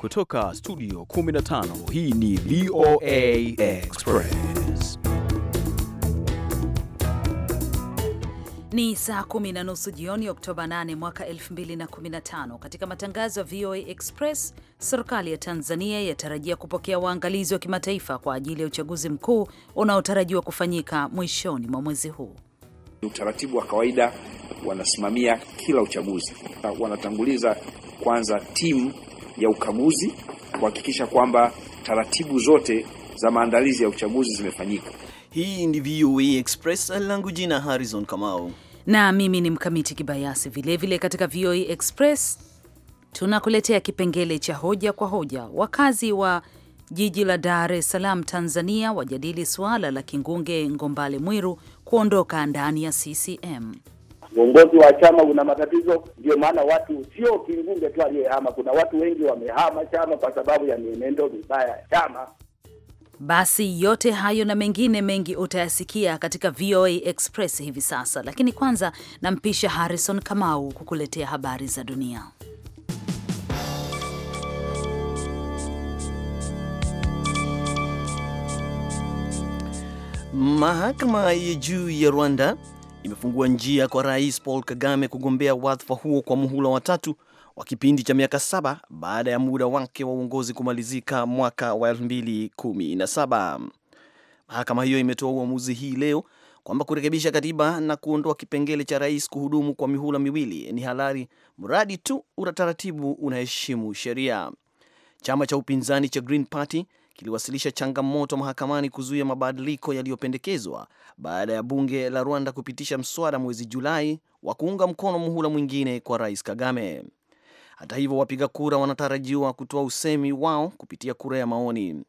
Kutoka studio 15 hii ni VOA Express. Ni saa kumi na nusu jioni Oktoba 8 mwaka 2015. Katika matangazo ya VOA Express, serikali ya Tanzania yatarajia kupokea waangalizi wa kimataifa kwa ajili ya uchaguzi mkuu unaotarajiwa kufanyika mwishoni mwa mwezi huu. Utaratibu wa kawaida, wanasimamia kila uchaguzi, wanatanguliza kwanza timu ya ukaguzi kuhakikisha kwamba taratibu zote za maandalizi ya uchaguzi zimefanyika. Hii ni VOA Express, langu jina Harrison Kamau na mimi ni mkamiti kibayasi. Vilevile vile katika VOA Express tunakuletea kipengele cha hoja kwa hoja. Wakazi wa jiji la Dar es Salaam, Tanzania, wajadili suala la Kingunge Ngombale Mwiru kuondoka ndani ya CCM uongozi wa chama una matatizo. Ndio maana watu sio Kingunge tu aliyehama, kuna watu wengi wamehama chama kwa sababu ya mienendo mibaya ya chama. Basi yote hayo na mengine mengi utayasikia katika VOA Express hivi sasa, lakini kwanza nampisha Harrison Kamau kukuletea habari za dunia. Mahakama ya juu ya Rwanda imefungua njia kwa Rais Paul Kagame kugombea wadhifa huo kwa muhula wa tatu wa kipindi cha miaka saba baada ya muda wake wa uongozi kumalizika mwaka wa 2017. Mahakama hiyo imetoa uamuzi hii leo kwamba kurekebisha katiba na kuondoa kipengele cha rais kuhudumu kwa mihula miwili ni halali mradi tu utaratibu unaheshimu sheria. Chama cha upinzani cha Green Party kiliwasilisha changamoto mahakamani kuzuia mabadiliko yaliyopendekezwa baada ya bunge la Rwanda kupitisha mswada mwezi Julai wa kuunga mkono muhula mwingine kwa Rais Kagame. Hata hivyo, wapiga kura wanatarajiwa kutoa usemi wao kupitia kura ya maoni.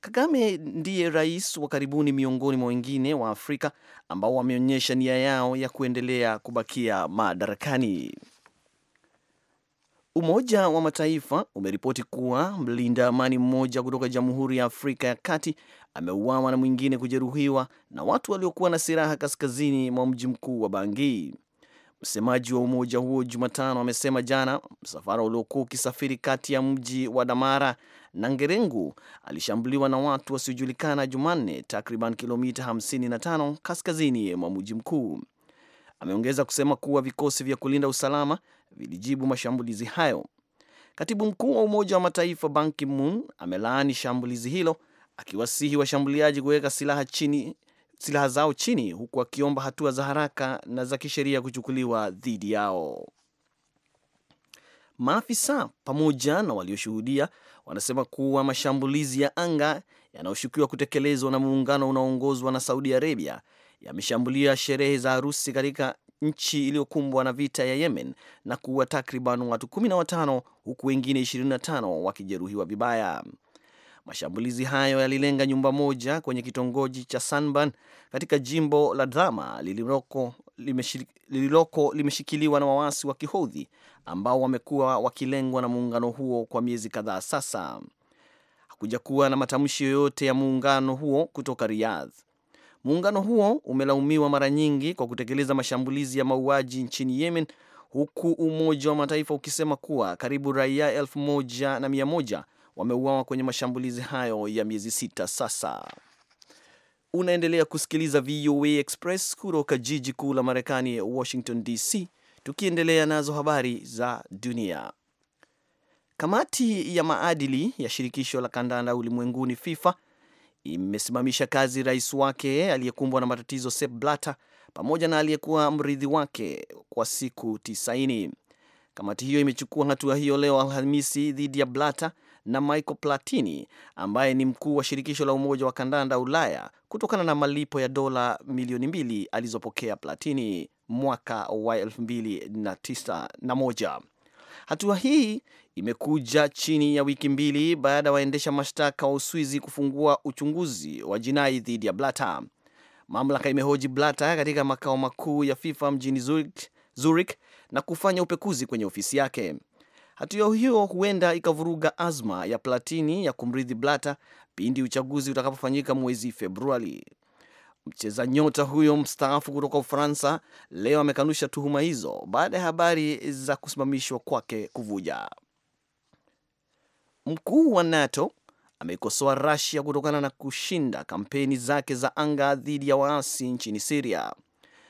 Kagame ndiye rais wa karibuni miongoni mwa wengine wa Afrika ambao wameonyesha nia yao ya kuendelea kubakia madarakani. Umoja wa Mataifa umeripoti kuwa mlinda amani mmoja kutoka Jamhuri ya Afrika ya Kati ameuawa na mwingine kujeruhiwa na watu waliokuwa na silaha kaskazini mwa mji mkuu wa Bangi. Msemaji wa umoja huo Jumatano amesema jana msafara uliokuwa ukisafiri kati ya mji wa Damara na Ngerengu alishambuliwa na watu wasiojulikana Jumanne, takriban kilomita 55 kaskazini mwa mji mkuu. Ameongeza kusema kuwa vikosi vya kulinda usalama vilijibu mashambulizi hayo. Katibu mkuu wa Umoja wa Mataifa Ban Ki-moon amelaani shambulizi hilo akiwasihi washambuliaji kuweka silaha chini, silaha zao chini huku akiomba hatua za haraka na za kisheria kuchukuliwa dhidi yao. Maafisa pamoja na walioshuhudia wanasema kuwa mashambulizi ya anga yanayoshukiwa kutekelezwa na muungano unaoongozwa na Saudi Arabia yameshambulia sherehe za harusi katika nchi iliyokumbwa na vita ya Yemen na kuua takriban watu 15 huku wengine 25 wakijeruhiwa vibaya. Mashambulizi hayo yalilenga nyumba moja kwenye kitongoji cha Sanban katika jimbo la Dhama lililoko lililoko limeshikiliwa na waasi wa Kihodhi ambao wamekuwa wakilengwa na muungano huo kwa miezi kadhaa sasa. Hakuja kuwa na matamshi yoyote ya muungano huo kutoka Riyadh. Muungano huo umelaumiwa mara nyingi kwa kutekeleza mashambulizi ya mauaji nchini Yemen, huku Umoja wa Mataifa ukisema kuwa karibu raia elfu moja na mia moja wameuawa kwenye mashambulizi hayo ya miezi sita sasa. Unaendelea kusikiliza VOA Express kutoka jiji kuu la Marekani, Washington DC, tukiendelea nazo habari za dunia. Kamati ya maadili ya shirikisho la kandanda ulimwenguni FIFA imesimamisha kazi rais wake aliyekumbwa na matatizo Sepp Blatter pamoja na aliyekuwa mrithi wake kwa siku 90. Kamati hiyo imechukua hatua hiyo leo Alhamisi dhidi ya Blatter na Michael Platini ambaye ni mkuu wa shirikisho la umoja wa kandanda Ulaya kutokana na malipo ya dola milioni mbili alizopokea Platini mwaka wa 29 na moja. Hatua hii imekuja chini ya wiki mbili baada ya waendesha mashtaka wa Uswizi kufungua uchunguzi wa jinai dhidi ya Blatter. Mamlaka imehoji Blatter katika makao makuu ya FIFA mjini Zurich, Zurich na kufanya upekuzi kwenye ofisi yake. Hatua hiyo huenda ikavuruga azma ya Platini ya kumrithi Blatter pindi uchaguzi utakapofanyika mwezi Februari. Mcheza nyota huyo mstaafu kutoka Ufaransa leo amekanusha tuhuma hizo baada ya habari za kusimamishwa kwake kuvuja. Mkuu wa NATO amekosoa Russia kutokana na kushinda kampeni zake za anga dhidi ya waasi nchini Syria.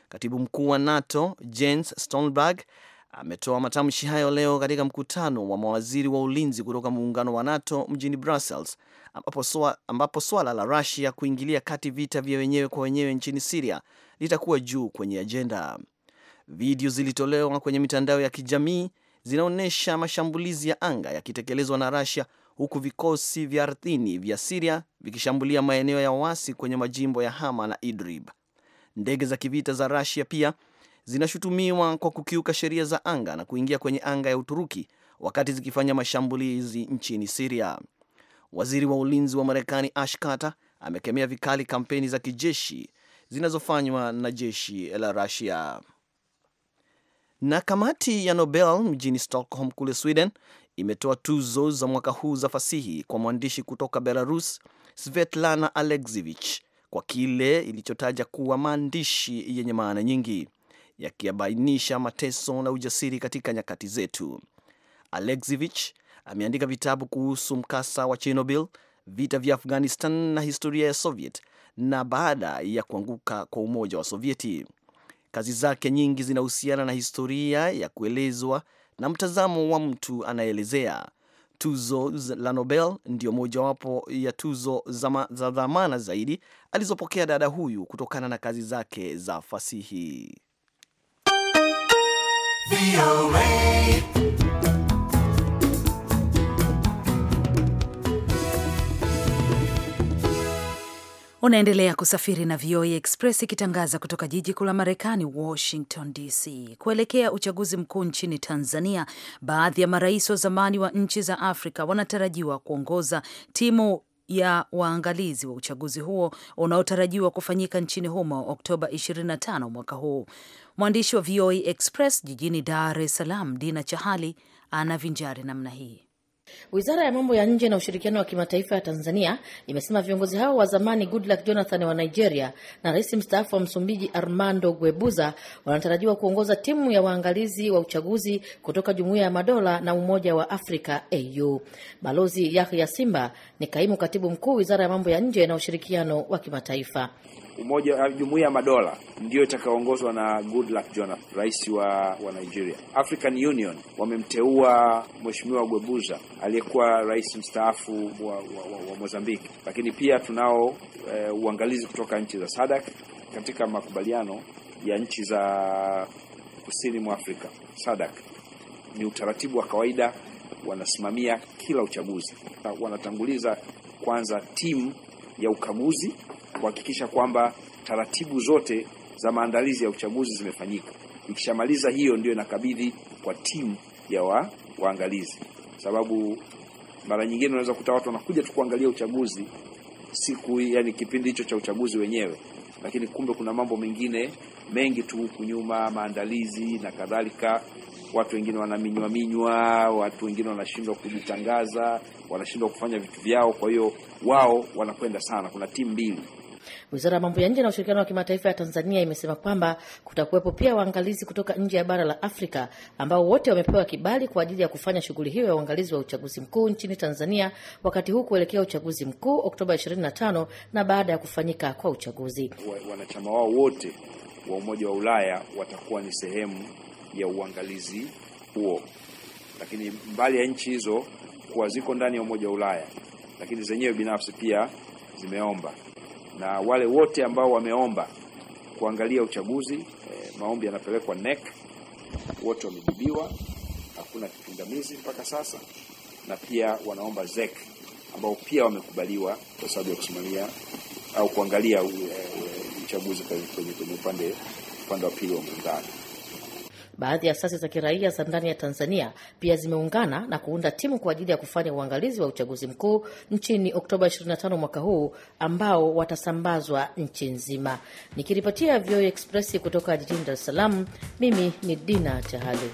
Katibu mkuu wa NATO Jens Stoltenberg ametoa matamshi hayo leo katika mkutano wa mawaziri wa ulinzi kutoka muungano wa NATO mjini Brussels, ambapo swala, ambapo swala la Russia kuingilia kati vita vya wenyewe kwa wenyewe nchini Syria litakuwa juu kwenye ajenda. Video zilitolewa kwenye mitandao ya kijamii zinaonyesha mashambulizi ya anga yakitekelezwa na Russia huku vikosi vya ardhini vya Siria vikishambulia maeneo ya wasi kwenye majimbo ya Hama na Idlib. Ndege za kivita za Russia pia zinashutumiwa kwa kukiuka sheria za anga na kuingia kwenye anga ya Uturuki wakati zikifanya mashambulizi nchini Siria. Waziri wa ulinzi wa Marekani Ash Carter amekemea vikali kampeni za kijeshi zinazofanywa na jeshi la Russia. Na kamati ya Nobel mjini Stockholm kule Sweden imetoa tuzo za mwaka huu za fasihi kwa mwandishi kutoka Belarus Svetlana Alexievich kwa kile ilichotaja kuwa maandishi yenye maana nyingi yakiyabainisha mateso na ujasiri katika nyakati zetu. Alexievich ameandika vitabu kuhusu mkasa wa Chernobyl, vita vya Afghanistan na historia ya Soviet na baada ya kuanguka kwa Umoja wa Sovieti. Kazi zake nyingi zinahusiana na historia ya kuelezwa na mtazamo wa mtu anaelezea. Tuzo la Nobel ndiyo mojawapo ya tuzo za dhamana zaidi alizopokea dada huyu kutokana na kazi zake za fasihi. Unaendelea kusafiri na VOA Express ikitangaza kutoka jiji kuu la Marekani, Washington DC. Kuelekea uchaguzi mkuu nchini Tanzania, baadhi ya marais wa zamani wa nchi za Afrika wanatarajiwa kuongoza timu ya waangalizi wa uchaguzi huo unaotarajiwa kufanyika nchini humo Oktoba 25 mwaka huu. Mwandishi wa VOA Express jijini Dar es Salaam, Dina Chahali, anavinjari namna hii. Wizara ya mambo ya nje na ushirikiano wa kimataifa ya Tanzania imesema viongozi hao wa zamani Goodluck Jonathan wa Nigeria na rais mstaafu wa Msumbiji Armando Guebuza wanatarajiwa kuongoza timu ya waangalizi wa uchaguzi kutoka Jumuiya ya Madola na Umoja wa Afrika AU. Balozi Yahya Simba ni kaimu katibu mkuu Wizara ya mambo ya nje na ushirikiano wa kimataifa. Umoja, eh, Jumuiya ya Madola ndiyo itakaoongozwa na Goodluck Jonathan, rais wa, wa Nigeria. African Union wamemteua Mheshimiwa Guebuza aliyekuwa rais mstaafu wa, wa, wa, wa Mozambiki, lakini pia tunao e, uangalizi kutoka nchi za SADC katika makubaliano ya nchi za kusini mwa Afrika. SADC ni utaratibu wa kawaida, wanasimamia kila uchaguzi, wanatanguliza kwanza timu ya ukaguzi kuhakikisha kwamba taratibu zote za maandalizi ya uchaguzi zimefanyika. Ikishamaliza hiyo, ndio inakabidhi kwa timu ya wa, waangalizi sababu mara nyingine unaweza kuta watu wanakuja tu kuangalia uchaguzi siku, yani kipindi hicho cha uchaguzi wenyewe, lakini kumbe kuna mambo mengine mengi tu huku nyuma, maandalizi na kadhalika. Watu wengine wanaminywa minywa, watu wengine wanashindwa kujitangaza, wanashindwa kufanya vitu vyao, kwa hiyo wao wanakwenda sana. Kuna timu mbili Wizara ya mambo ya nje na ushirikiano wa kimataifa ya Tanzania imesema kwamba kutakuwepo pia waangalizi kutoka nje ya bara la Afrika ambao wote wamepewa kibali kwa ajili ya kufanya shughuli hiyo ya uangalizi wa uchaguzi mkuu nchini Tanzania wakati huu kuelekea uchaguzi mkuu Oktoba 25 na baada ya kufanyika kwa uchaguzi. Wanachama wao wote wa Umoja wa Ulaya watakuwa ni sehemu ya uangalizi huo, lakini mbali ya nchi hizo kuwa ziko ndani ya Umoja wa Ulaya, lakini zenyewe binafsi pia zimeomba na wale wote ambao wameomba kuangalia uchaguzi e, maombi yanapelekwa NEC, wote wamejibiwa, hakuna kipingamizi mpaka sasa, na pia wanaomba ZEC ambao pia wamekubaliwa kwa sababu ya kusimamia au kuangalia eh, eh, uchaguzi kwenye upande upande wa pili wa muungano. Baadhi ya asasi za kiraia za ndani ya Tanzania pia zimeungana na kuunda timu kwa ajili ya kufanya uangalizi wa uchaguzi mkuu nchini Oktoba 25 mwaka huu ambao watasambazwa nchi nzima. Nikiripotia VOA Express kutoka jijini Dar es Salaam, mimi ni Dina Chahali.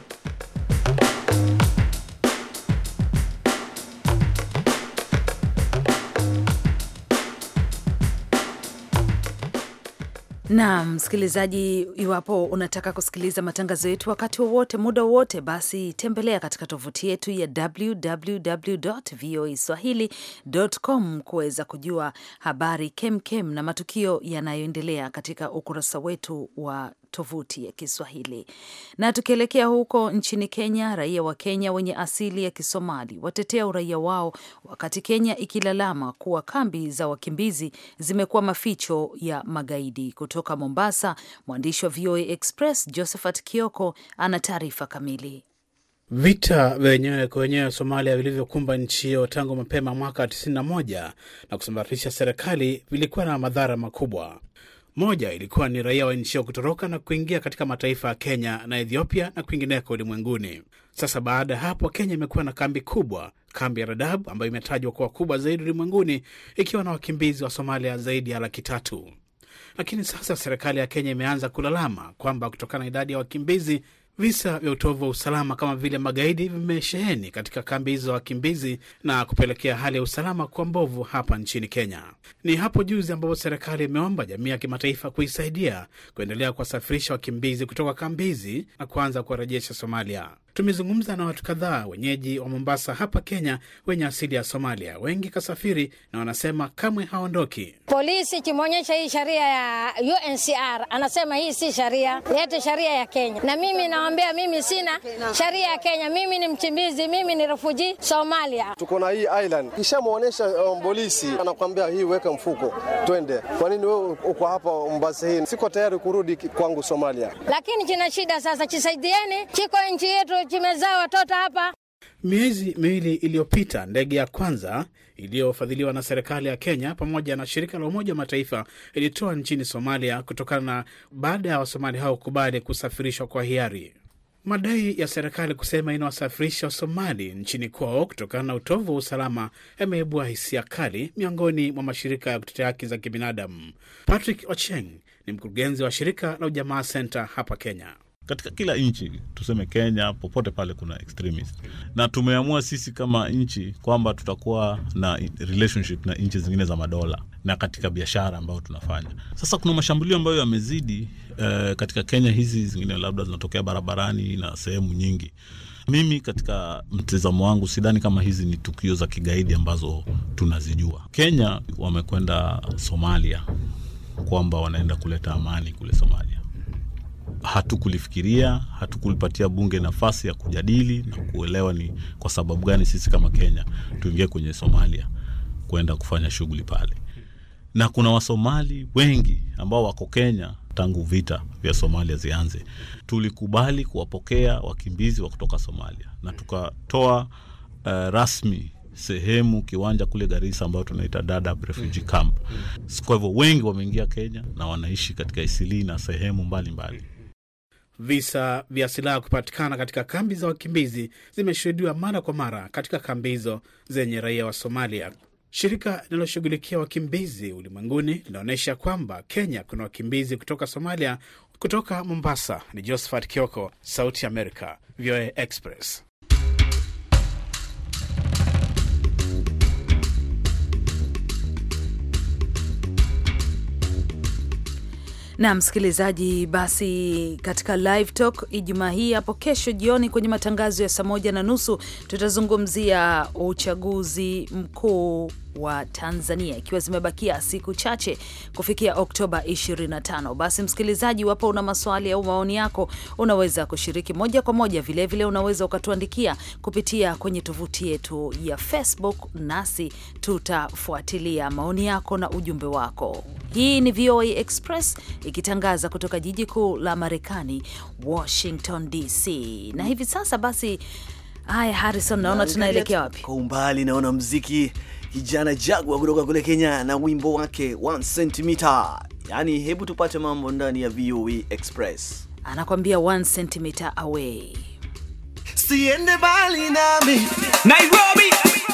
Naam, msikilizaji, iwapo unataka kusikiliza matangazo yetu wakati wowote, muda wowote, basi tembelea katika tovuti yetu ya voa swahilicom kuweza kujua habari kemkem na matukio yanayoendelea katika ukurasa wetu wa tovuti ya Kiswahili. Na tukielekea huko nchini Kenya, raia wa Kenya wenye asili ya Kisomali watetea uraia wao wakati Kenya ikilalama kuwa kambi za wakimbizi zimekuwa maficho ya magaidi. Kutoka Mombasa, mwandishi wa VOA Express Josephat Kioko ana taarifa kamili. Vita vya wenyewe kwa wenyewe Somalia vilivyokumba nchi hiyo tangu mapema mwaka 91 na kusambaratisha serikali vilikuwa na madhara makubwa. Moja ilikuwa ni raia wa nchi hiyo kutoroka na kuingia katika mataifa ya Kenya na Ethiopia na kwingineko ulimwenguni. Sasa baada ya hapo, Kenya imekuwa na kambi kubwa, kambi ya Dadaab ambayo imetajwa kuwa kubwa zaidi ulimwenguni, ikiwa na wakimbizi wa Somalia zaidi ya laki tatu. Lakini sasa serikali ya Kenya imeanza kulalama kwamba kutokana na idadi ya wakimbizi Visa vya utovu wa usalama kama vile magaidi vimesheheni katika kambi hizo za wakimbizi na kupelekea hali ya usalama kwa mbovu hapa nchini Kenya. Ni hapo juzi ambapo serikali imeomba jamii ya kimataifa kuisaidia kuendelea kuwasafirisha wakimbizi kutoka kambi hizi na kuanza kuwarejesha Somalia. Tumezungumza na watu kadhaa wenyeji wa Mombasa hapa Kenya, wenye asili ya Somalia. Wengi kasafiri na wanasema kamwe haondoki. Polisi ikimwonyesha hii sheria ya UNCR anasema hii si sheria, yete sheria ya Kenya. Na mimi nawambia, mimi sina sheria ya Kenya, mimi ni mchimbizi, mimi ni refuji Somalia. Tuko na hii island, kishamwonyesha um, polisi anakwambia hii, weka mfuko twende. Kwa nini wewe uko hapa Mombasa hii? Siko tayari kurudi kwangu Somalia, lakini kina shida sasa, chisaidieni, kiko nchi yetu kimezaa watoto hapa. Miezi miwili iliyopita ndege ya kwanza iliyofadhiliwa na serikali ya Kenya pamoja na shirika la Umoja wa Mataifa ilitoa nchini Somalia kutokana na baada ya wasomali hao kubali kusafirishwa kwa hiari. Madai ya serikali kusema inawasafirisha Wasomali nchini kwao kutokana na utovu wa usalama yameibua hisia kali miongoni mwa mashirika ya kutetea haki za kibinadamu. Patrick Ocheng ni mkurugenzi wa shirika la Ujamaa Center hapa Kenya katika kila nchi, tuseme Kenya, popote pale kuna extremist, na tumeamua sisi kama nchi kwamba tutakuwa na relationship na nchi zingine za madola na katika biashara ambayo tunafanya sasa. Kuna mashambulio ambayo yamezidi eh, katika Kenya, hizi zingine labda zinatokea barabarani na sehemu nyingi. Mimi katika mtizamo wangu sidhani kama hizi ni tukio za kigaidi ambazo tunazijua. Kenya wamekwenda Somalia kwamba wanaenda kuleta amani kule Somalia hatukulifikiria, hatukulipatia bunge nafasi ya kujadili na kuelewa ni kwa sababu gani sisi kama Kenya tuingie kwenye Somalia kwenda kufanya shughuli pale. Na kuna Wasomali wengi ambao wako Kenya tangu vita vya Somalia zianze. Tulikubali kuwapokea wakimbizi wa kutoka Somalia na tukatoa uh, rasmi sehemu kiwanja kule garisa ambayo tunaita Dadaab Refugee Camp. Kwa hivyo wengi wameingia Kenya na wanaishi katika isilii na sehemu mbalimbali mbali. Visa vya silaha kupatikana katika kambi za wakimbizi zimeshuhudiwa mara kwa mara katika kambi hizo zenye raia wa Somalia. Shirika linaloshughulikia wakimbizi ulimwenguni linaonyesha kwamba Kenya kuna wakimbizi kutoka Somalia. Kutoka Mombasa ni Josephat Kioko, Sauti America, VOA Express. na msikilizaji, basi katika live talk Ijumaa hii hapo kesho jioni kwenye matangazo ya saa moja na nusu tutazungumzia uchaguzi mkuu wa Tanzania, ikiwa zimebakia siku chache kufikia Oktoba 25. Basi msikilizaji, wapo una maswali au maoni yako, unaweza kushiriki moja kwa moja. Vilevile unaweza ukatuandikia kupitia kwenye tovuti yetu ya Facebook, nasi tutafuatilia maoni yako na ujumbe wako. Hii ni VOA Express ikitangaza kutoka jiji kuu la Marekani, Washington DC, na hivi sasa basi Haya, Harrison, naona tunaelekea wapi? Kwa umbali naona mziki kijana Jagwa kutoka kule Kenya na wimbo wake 1 cm. Yaani, hebu tupate mambo ndani ya VOA e Express. Anakwambia 1 cm away. Siende bali nami. Nairobi,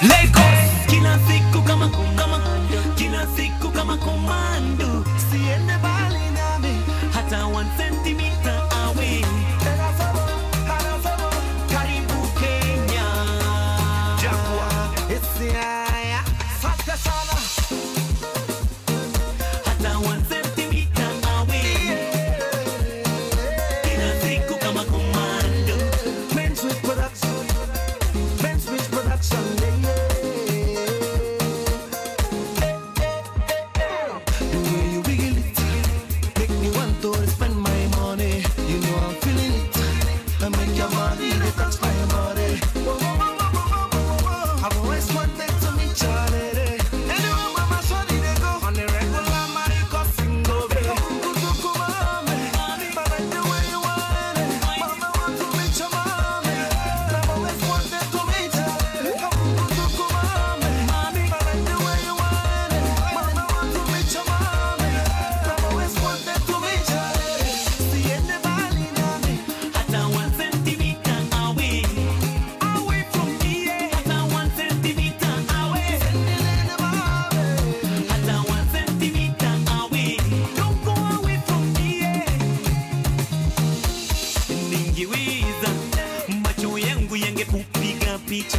Lagos, kila siku kama kama kila siku kama kama ningejiwiza, macho yangu yangepupiga picha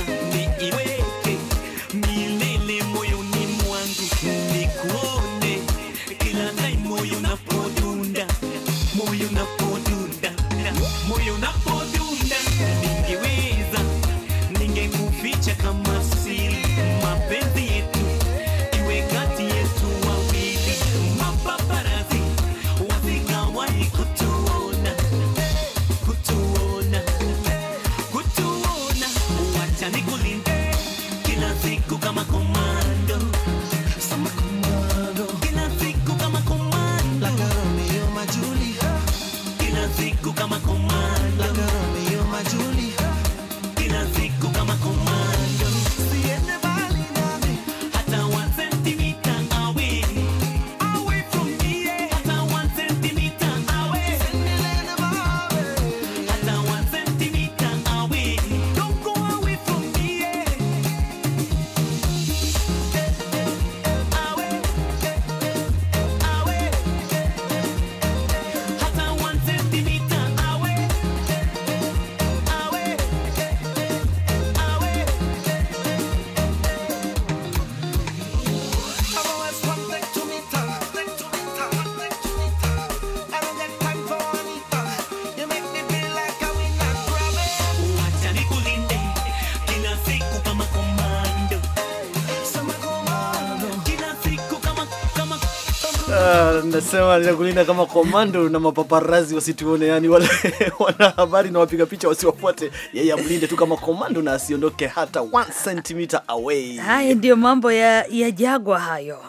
Anasema ninakulinda kama komando na mapaparazi wasituone, yani wale wanahabari na wapiga picha wasiwafuate, yeye amlinde tu kama komando na asiondoke hata 1 cm away. Haya ndio mambo ya, ya jagwa hayo.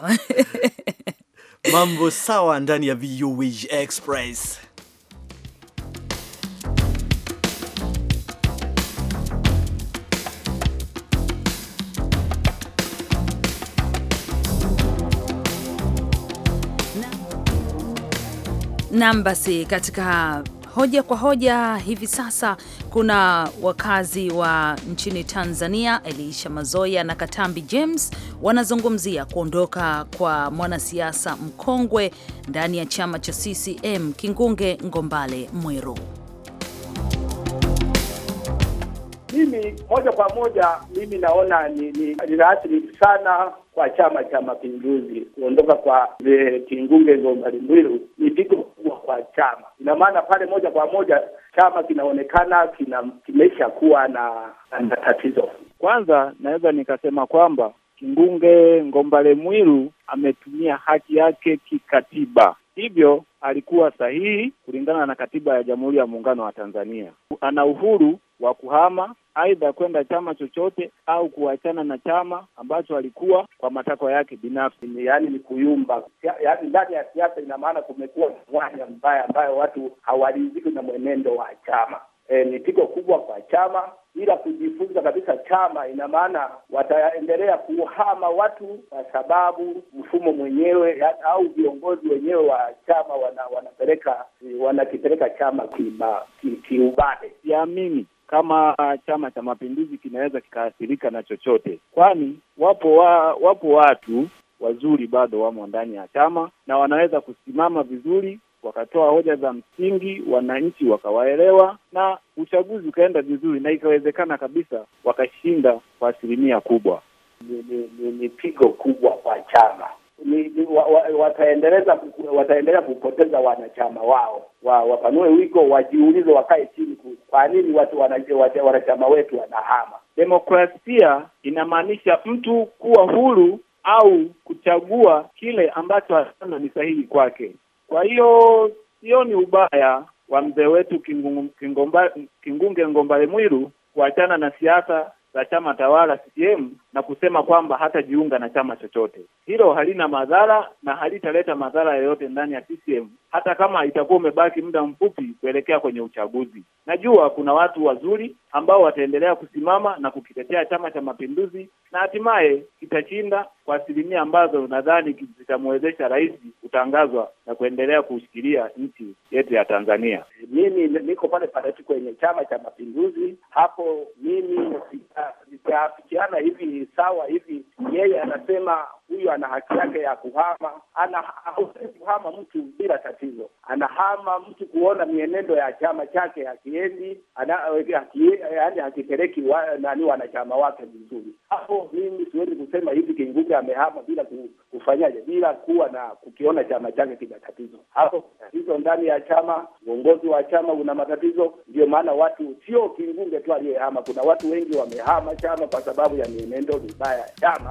Mambo sawa ndani ya VOA Express. Nam, basi katika hoja kwa hoja hivi sasa kuna wakazi wa nchini Tanzania Elisha Mazoya na Katambi James wanazungumzia kuondoka kwa mwanasiasa mkongwe ndani ya chama cha CCM Kingunge Ngombale Mwiru. Mimi moja kwa moja mimi naona ni, ni, ni sana kwa Chama cha Mapinduzi, kuondoka kwa eh, Kingunge Ngombale Mwiru ni pigo kubwa kwa chama. Ina maana pale moja kwa moja chama kinaonekana kina kimesha kuwa na, na tatizo. Kwanza naweza nikasema kwamba Kingunge Ngombale Mwiru ametumia haki yake kikatiba hivyo alikuwa sahihi kulingana na katiba ya Jamhuri ya Muungano wa Tanzania. Ana uhuru wa kuhama aidha kwenda chama chochote au kuachana na chama ambacho alikuwa kwa matakwa yake binafsi. Yaani ni kuyumba, yaani ndani ya siasa, ina maana kumekuwa mwanya mbaya ambayo watu hawaridhiki na mwenendo wa chama. E, ni pigo kubwa kwa chama bila kujifunza kabisa chama, ina maana wataendelea kuhama watu kwa sababu mfumo mwenyewe au viongozi wenyewe wa chama wana, wanapeleka wanakipeleka chama kiubale ki, ki Siamini kama Chama cha Mapinduzi kinaweza kikaathirika na chochote, kwani wapo wa, wapo watu wazuri bado wamo ndani ya chama na wanaweza kusimama vizuri wakatoa hoja za msingi, wananchi wakawaelewa na uchaguzi ukaenda vizuri, na ikawezekana kabisa wakashinda kwa asilimia kubwa. Ni, ni, ni, ni pigo kubwa kwa chama ni, ni, wa, wa, wataendeleza wataendelea kupoteza wanachama wao wa, wapanue wiko, wajiulize, wakae chini, kwa nini watu wanachama wetu wanahama? Demokrasia inamaanisha mtu kuwa huru au kuchagua kile ambacho anaona ni sahihi kwake. Kwa hiyo sioni ubaya wa mzee wetu Kingunge Ngombale Mwiru kuachana na siasa za chama tawala CCM na kusema kwamba hatajiunga na chama chochote. Hilo halina madhara na halitaleta madhara yoyote ndani ya CCM, hata kama itakuwa umebaki muda mfupi kuelekea kwenye uchaguzi. Najua kuna watu wazuri ambao wataendelea kusimama na kukitetea Chama cha Mapinduzi na hatimaye kitashinda kwa asilimia ambazo nadhani zitamwezesha rais kutangazwa na kuendelea kushikilia nchi yetu ya Tanzania mimi niko pale parati kwenye Chama cha Mapinduzi. Hapo mimi afikiana hivi sawa hivi, yeye anasema huyu ana haki yake ya kuhama. Ana kuhama mtu bila tatizo, anahama mtu kuona mienendo ya chama chake hakiendi, yaani hakipeleki wa, nani wanachama wake vizuri hapo mimi siwezi kusema hivi kingunge amehama bila kufanyaje, bila kuwa na kukiona chama chake kina tatizo. Hapo tatizo ndani ya chama, uongozi wa chama una matatizo. Ndio maana watu, sio kingunge tu aliyehama, kuna watu wengi wamehama chama kwa sababu ya mienendo mibaya ya chama.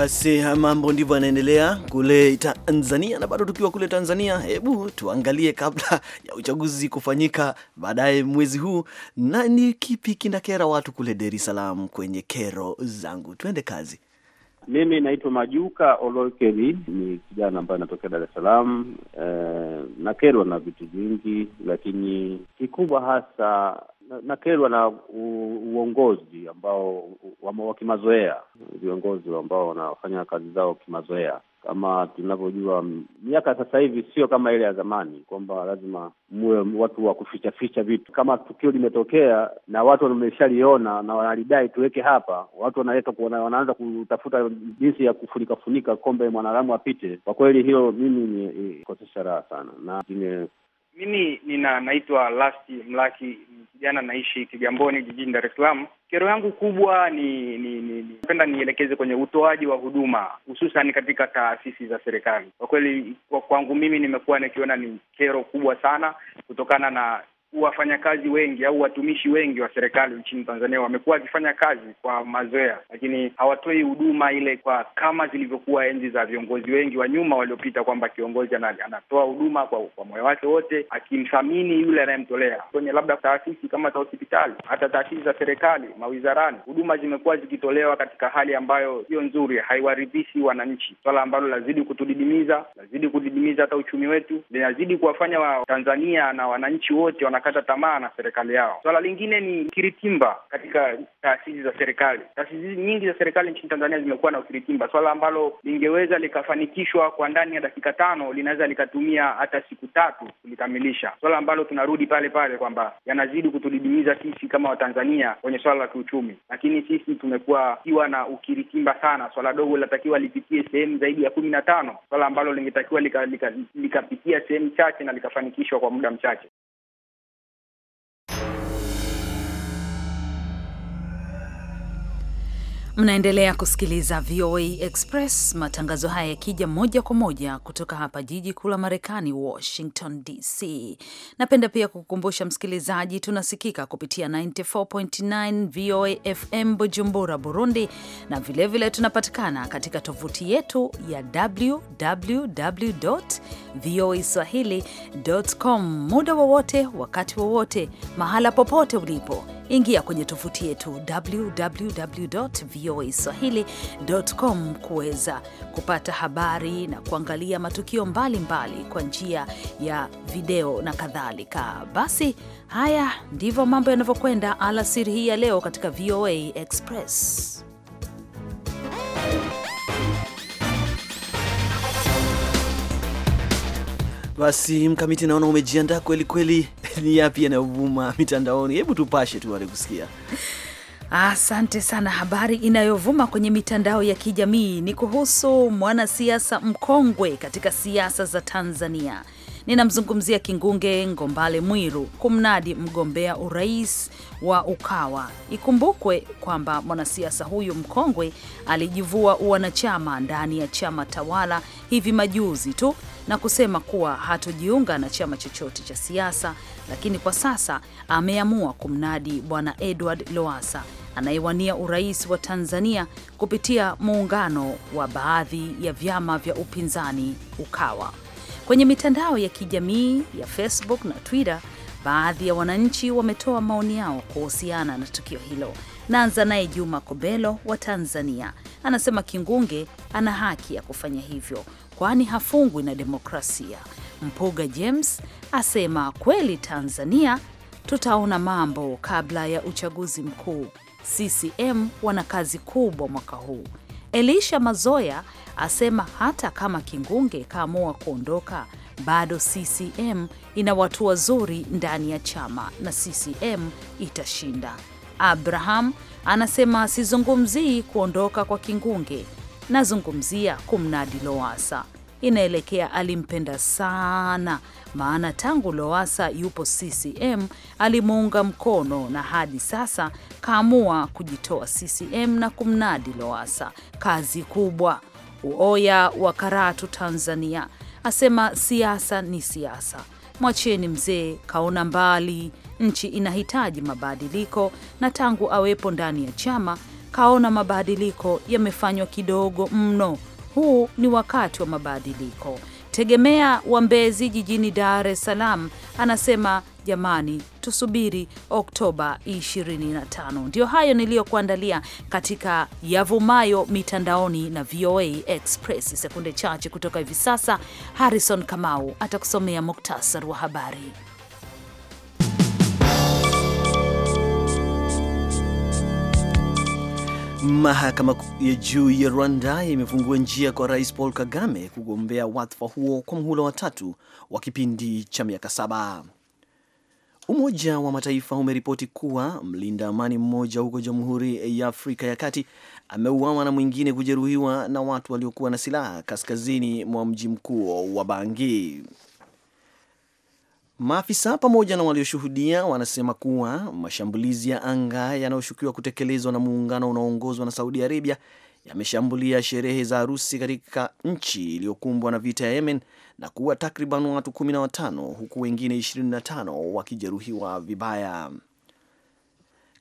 Basi mambo ndivyo yanaendelea kule Tanzania, na bado tukiwa kule Tanzania, hebu tuangalie kabla ya uchaguzi kufanyika baadaye mwezi huu, na ni kipi kinakera watu kule Dar es Salaam kwenye kero zangu. Tuende kazi. Mimi naitwa Majuka Olokeli, ni kijana ambaye anatokea Dar es Salaam. E, nakerwa na vitu vingi, lakini kikubwa hasa nakerwa na, na u, uongozi ambao wa kimazoea, viongozi ambao wanafanya kazi zao kimazoea. Kama tunavyojua miaka sasa hivi sio kama ile ya zamani, kwamba lazima muwe watu wa kufichaficha vitu. Kama tukio limetokea na watu wameshaliona na wanalidai tuweke hapa, watu wanaleta kuona, wanaanza kutafuta jinsi ya kufunikafunika kombe mwanadamu apite. Kwa kweli, hiyo mimi ni raha sana na mimi nina naitwa Lasti Mlaki, kijana naishi Kigamboni jijini Dar es Salaam. Kero yangu kubwa ni napenda ni, ni, nielekeze kwenye utoaji wa huduma hususan katika taasisi za serikali. Kwa kweli kwangu mimi nimekuwa nikiona ni kero kubwa sana kutokana na wafanyakazi wengi au watumishi wengi wa serikali nchini Tanzania wamekuwa wakifanya kazi kwa mazoea, lakini hawatoi huduma ile kwa kama zilivyokuwa enzi za viongozi wengi wa nyuma waliopita, kwamba kiongozi anatoa huduma kwa, kwa moyo wake wote, akimthamini yule anayemtolea kwenye labda taasisi kama za hospitali, hata taasisi za serikali, mawizarani. Huduma zimekuwa zikitolewa katika hali ambayo sio nzuri, haiwaridhishi wananchi, swala ambalo lazidi kutudidimiza, lazidi kudidimiza hata uchumi wetu, linazidi kuwafanya Watanzania na wananchi wote wana wanakata tamaa na serikali yao. Swala lingine ni kiritimba katika taasisi za serikali. Taasisi nyingi za serikali nchini Tanzania zimekuwa na ukiritimba, swala ambalo lingeweza likafanikishwa kwa ndani ya dakika tano linaweza likatumia hata siku tatu kulikamilisha, swala ambalo tunarudi pale pale kwamba yanazidi kutudidimiza sisi kama Watanzania kwenye swala la kiuchumi, lakini sisi tumekuwa kiwa na ukiritimba sana. Swala dogo linatakiwa lipitie sehemu zaidi ya kumi na tano, swala ambalo lingetakiwa likapitia lika, lika sehemu chache na likafanikishwa kwa muda mchache. Mnaendelea kusikiliza VOA Express, matangazo haya yakija moja kwa moja kutoka hapa jiji kuu la Marekani, Washington DC. Napenda pia kukukumbusha msikilizaji, tunasikika kupitia 94.9 VOA FM Bujumbura, Burundi, na vilevile vile tunapatikana katika tovuti yetu ya www voa swahili com, muda wowote, wakati wowote, mahala popote ulipo ingia kwenye tovuti yetu www voa swahilicom kuweza kupata habari na kuangalia matukio mbalimbali kwa njia ya video na kadhalika. Basi haya ndivyo mambo yanavyokwenda alasiri hii ya leo katika VOA Express. Basi Mkamiti, naona umejiandaa kweli kweli. Ni yapi yanayovuma mitandaoni? Hebu tupashe tu wale kusikia. Asante sana. Habari inayovuma kwenye mitandao ya kijamii ni kuhusu mwanasiasa mkongwe katika siasa za Tanzania. Ninamzungumzia Kingunge Ngombale Mwiru kumnadi mgombea urais wa Ukawa. Ikumbukwe kwamba mwanasiasa huyu mkongwe alijivua uwanachama ndani ya chama tawala hivi majuzi tu na kusema kuwa hatojiunga na chama chochote cha siasa, lakini kwa sasa ameamua kumnadi Bwana Edward Lowassa anayewania urais wa Tanzania kupitia muungano wa baadhi ya vyama vya upinzani Ukawa. Kwenye mitandao ya kijamii ya Facebook na Twitter, baadhi ya wananchi wametoa maoni yao kuhusiana na tukio hilo. Naanza naye Juma Kobelo wa Tanzania, anasema Kingunge ana haki ya kufanya hivyo kwani hafungwi na demokrasia. Mpuga James asema kweli Tanzania tutaona mambo kabla ya uchaguzi mkuu. CCM wana kazi kubwa mwaka huu. Elisha Mazoya asema hata kama Kingunge kaamua kuondoka bado CCM ina watu wazuri ndani ya chama na CCM itashinda. Abraham anasema sizungumzii kuondoka kwa Kingunge, Nazungumzia kumnadi Lowasa. Inaelekea alimpenda sana, maana tangu Lowasa yupo CCM alimuunga mkono na hadi sasa kaamua kujitoa CCM na kumnadi Lowasa. Kazi kubwa. Uoya wa Karatu, Tanzania, asema siasa ni siasa, mwachieni mzee, kaona mbali. Nchi inahitaji mabadiliko, na tangu awepo ndani ya chama kaona mabadiliko yamefanywa kidogo mno. Huu ni wakati wa mabadiliko. Tegemea wa Mbezi jijini Dar es Salaam anasema jamani, tusubiri Oktoba 25. Ndiyo hayo niliyokuandalia katika yavumayo mitandaoni na VOA Express. Sekunde chache kutoka hivi sasa, Harrison Kamau atakusomea muktasar wa habari. Mahakama ya juu ya Rwanda imefungua njia kwa Rais Paul Kagame kugombea wadhifa huo kwa mhula wa tatu wa kipindi cha miaka saba. Umoja wa Mataifa umeripoti kuwa mlinda amani mmoja huko Jamhuri ya Afrika ya Kati ameuawa na mwingine kujeruhiwa na watu waliokuwa na silaha kaskazini mwa mji mkuu wa Bangi. Maafisa pamoja na walioshuhudia wanasema kuwa mashambulizi ya anga yanayoshukiwa kutekelezwa na muungano unaoongozwa na Saudi Arabia yameshambulia sherehe za harusi katika nchi iliyokumbwa na vita ya Yemen na kuwa takriban watu 15 huku wengine 25 wakijeruhiwa vibaya.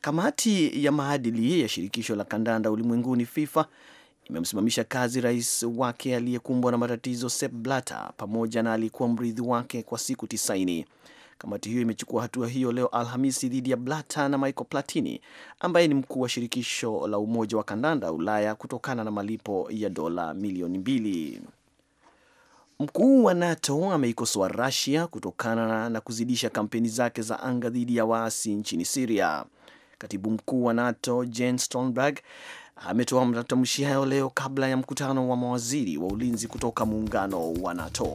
Kamati ya maadili ya shirikisho la kandanda ulimwenguni FIFA imemsimamisha kazi rais wake aliyekumbwa na matatizo Sepp Blatter pamoja na aliyekuwa mrithi wake kwa siku tisaini. Kamati hiyo imechukua hatua hiyo leo Alhamisi dhidi ya Blatter na Michael Platini ambaye ni mkuu wa shirikisho la umoja wa kandanda Ulaya kutokana na malipo ya dola milioni mbili. Mkuu wa NATO ameikosoa Russia kutokana na kuzidisha kampeni zake za anga dhidi ya waasi nchini Siria. Katibu mkuu wa NATO Jens Stoltenberg ametoa matamshi hayo leo kabla ya mkutano wa mawaziri wa ulinzi kutoka muungano wa NATO.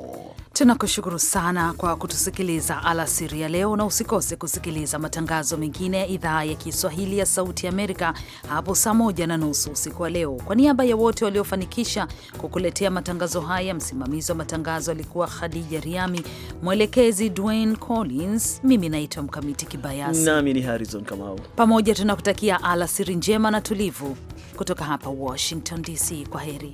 Tunakushukuru sana kwa kutusikiliza alasiri ya leo, na usikose kusikiliza matangazo mengine ya idhaa ya Kiswahili ya Sauti Amerika hapo saa moja na nusu usiku wa leo. Kwa niaba ya wote waliofanikisha kukuletea matangazo haya, msimamizi wa matangazo alikuwa Khadija Riami, mwelekezi Dwayne Collins, mimi naitwa Mkamiti Kibayasi nami ni Harrison Kamau. Pamoja tunakutakia alasiri njema na tulivu. Kutoka hapa Washington DC, kwa heri.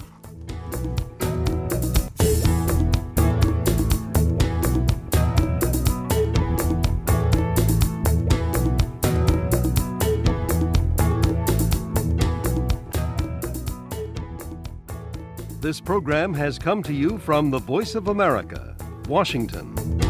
This program has come to you from the Voice of America, Washington.